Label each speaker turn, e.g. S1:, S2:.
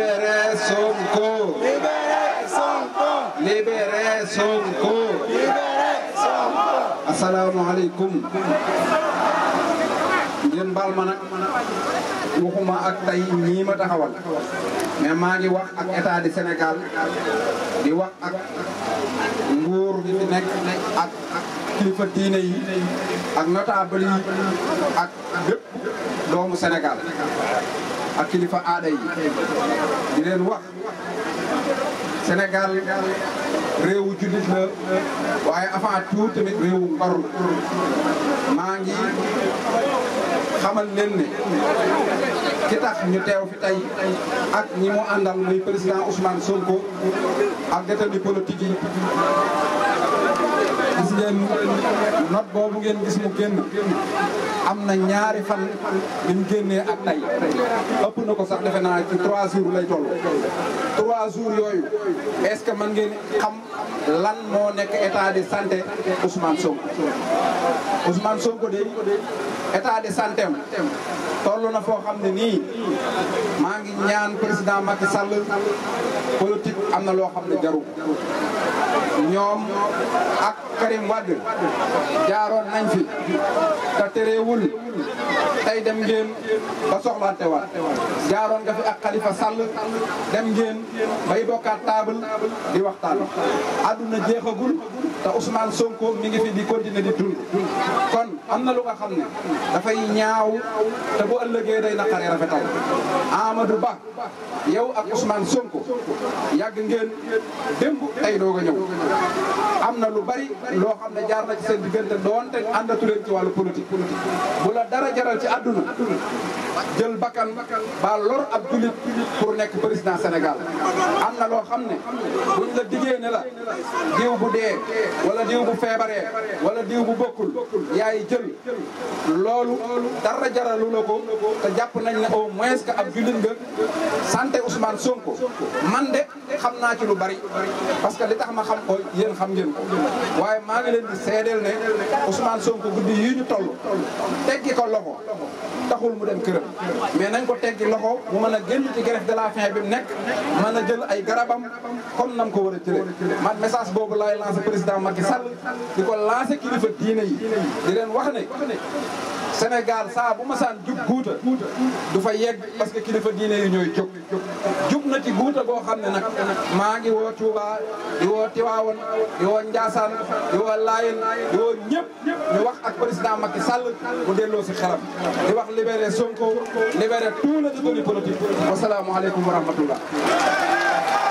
S1: Libérez Sonko. Libérez Sonko. Libérez Sonko. Libérez Sonko. asalaamaaleykum. ngeen ak tay ñii ma taxawal. maa ngi wax ak état du Sénégal di wax ak nguur gi fi nekk ak kilifa ak notable ak bépp doomu Sénégal. ak kilifa aada yi di wax Sénégal réewu jullit la waaye avant tout tamit réewu ngor maa ngi xamal leen ne ki ñu teew fi tey ak ñi mu àndal muy président Ousmane Sonko ak détenu politique yi gis ngeen not boobu ngeen gis mu génn am na ñaari fan bi mu génnee ak tey ëpp na ko sax defe naa ci trois jours lay toll trois jours yooyu est-ce que man ngeen xam lan moo nekk état de santé Ousmane Sonko Ousmane Sonko de état de santé am na foo xam ne nii maa ngi ñaan président Macky Sall politique am na loo xam ne jarul ñoom ak Karim Wade jaaroon nañ fi te terewul tey dem ngeen ba soxlaante waat jaaroon nga fi ak Khalifa Sall dem ngeen bay bokkaat taabal di waxtaan. àdduna jeexagul te Ousmane Sonko mi ngi fi di continuer di dund. am na lu nga xam ne dafay ñaaw te bu ëllëgee day naqaree rafetal Amadou Ba yow ak Ousmane Sonko yàgg ngeen démb tey doog a ñëw am na lu bari loo xam ne jaar na ci seen diggante doonte àndatu leen ci wàllu politique bu la dara jaral ci àdduna jël bakkan ba lor ab jullit pour nekk président Sénégal am na loo xam ne buñ la diggee ne la diw bu dee wala diw bu feebaree wala diw bu bokkul yaay jël loolu dara jaralu la ko te jàpp nañ ne au moins que ab jullit nga santé Ousmane Sonko man de xam naa ci lu bari parce que li tax ma xam ko yéen xam ngeen ko waaye maa ngi leen di seedeel ne Ousmane Sonko guddi yii ñu toll teggi ko loxo taxul mu dem këram mais nañ ko teggi loxo mu mën a génn ci grève de la fin bi mu nekk mën a jël ay garabam comme nam ko war a jëlee man message boobu laay lancé président Macky Sall di ko lancé kilifa diine yi di leen wax ne Sénégal saa bu masaan jub guuta du fa yegg parce que kilifa diine yi ñooy jub jub na ci guuta boo xam ne nag maa ngi woo Touba di woo Tiwaawan di Njaasaan di woo Layen di woo ñëpp ñu wax ak président Macky Sall mu delloo si xelam di wax libéré Sonko libéré tout le détenu politique wasalaamu aleykum wa rahmatullah